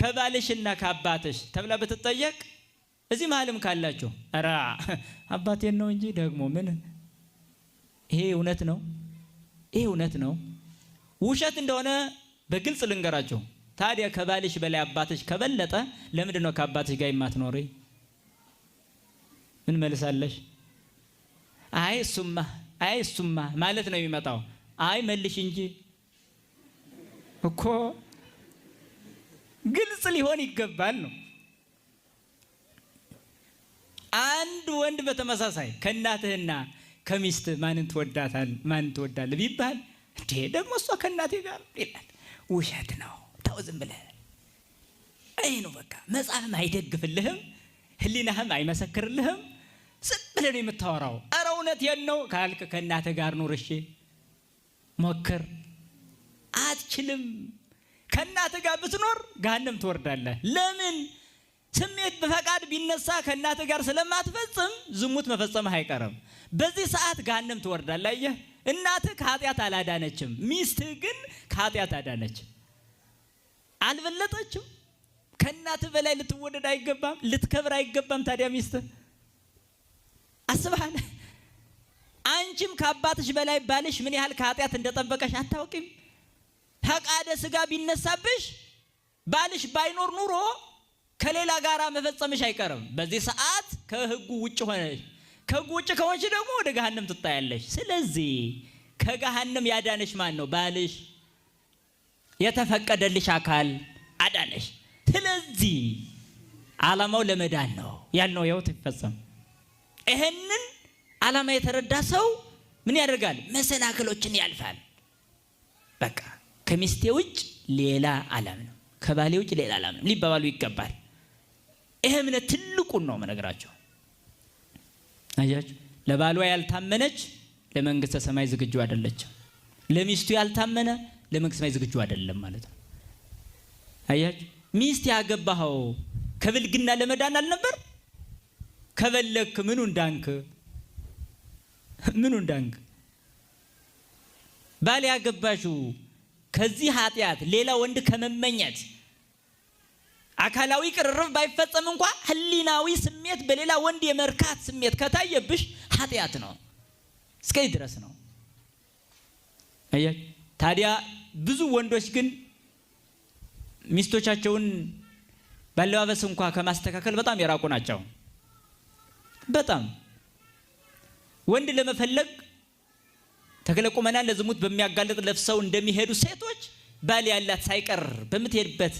ከባልሽና ከአባትሽ ተብላ ብትጠየቅ እዚህ መሀልም ካላችሁ ኧረ አባቴን ነው እንጂ ደግሞ ምን ይሄ እውነት ነው ይሄ እውነት ነው ውሸት እንደሆነ በግልጽ ልንገራችሁ ታዲያ ከባልሽ በላይ አባትሽ ከበለጠ ለምንድን ነው ከአባትሽ ጋር የማትኖሪ ምን መልሳለሽ አይ እሱማ አይ እሱማ ማለት ነው የሚመጣው አይ መልሽ እንጂ እኮ ግልጽ ሊሆን ይገባል ነው። አንድ ወንድ በተመሳሳይ ከእናትህና ከሚስት ማንን ትወዳታል ማንን ትወዳለህ ቢባል እንዴ ደግሞ እሷ ከእናቴ ጋር ይላል። ውሸት ነው። ተው ዝም ብለህ አይ ነው በቃ። መጽሐፍም አይደግፍልህም፣ ህሊናህም አይመሰክርልህም። ዝም ብለህ ነው የምታወራው። ኧረ እውነቴን ነው ካልክ ከእናትህ ጋር ኑር፣ እሺ ሞክር። አትችልም ከእናት ጋር ብትኖር ገሃነም ትወርዳለህ። ለምን? ስሜት በፈቃድ ቢነሳ ከእናት ጋር ስለማትፈጽም ዝሙት መፈጸም አይቀርም። በዚህ ሰዓት ገሃነም ትወርዳለህ። አየህ፣ እናትህ ከኃጢአት አላዳነችም፣ ሚስትህ ግን ከኃጢአት አዳነች። አልበለጠችም። ከእናትህ በላይ ልትወደድ አይገባም፣ ልትከብር አይገባም። ታዲያ ሚስትህ አስብሃል። አንቺም ከአባትሽ በላይ ባልሽ ምን ያህል ከኃጢአት እንደጠበቀሽ አታውቂም። ፈቃደ ስጋ ቢነሳብሽ ባልሽ ባይኖር ኑሮ ከሌላ ጋራ መፈጸምሽ አይቀርም። በዚህ ሰዓት ከህጉ ውጭ ሆነሽ፣ ከህጉ ውጭ ከሆንሽ ደግሞ ወደ ገሃነም ትጣያለሽ። ስለዚህ ከገሃነም ያዳነሽ ማን ነው? ባልሽ፣ የተፈቀደልሽ አካል አዳነሽ። ስለዚህ ዓላማው ለመዳን ነው ያልነው ያው ትፈጸም። ይህንን ዓላማ የተረዳ ሰው ምን ያደርጋል? መሰናክሎችን ያልፋል። በቃ ከሚስቴ ውጭ ሌላ አላምንም፣ ከባሌ ውጭ ሌላ አላምንም ሊባባሉ ይገባል። ይሄ እምነት ትልቁን ነው መነግራቸው። አያችሁ፣ ለባሏ ያልታመነች ለመንግስተ ሰማይ ዝግጁ አይደለችም። ለሚስቱ ያልታመነ ለመንግስተ ሰማይ ዝግጁ አይደለም ማለት ነው። አያችሁ፣ ሚስት ያገባኸው ከብልግና ለመዳን አልነበር? ከበለክ ምኑ እንዳንክ ምኑ እንዳንክ ባል ያገባሽው ከዚህ ኃጢአት ሌላ ወንድ ከመመኘት አካላዊ ቅርርብ ባይፈጸም እንኳ ህሊናዊ ስሜት በሌላ ወንድ የመርካት ስሜት ከታየብሽ ኃጢአት ነው። እስከዚህ ድረስ ነው። ታዲያ ብዙ ወንዶች ግን ሚስቶቻቸውን ባለባበስ እንኳ ከማስተካከል በጣም የራቁ ናቸው። በጣም ወንድ ለመፈለግ ተክለ ቁመና ለዝሙት በሚያጋልጥ ለብሰው እንደሚሄዱ ሴቶች ባል ያላት ሳይቀር በምትሄድበት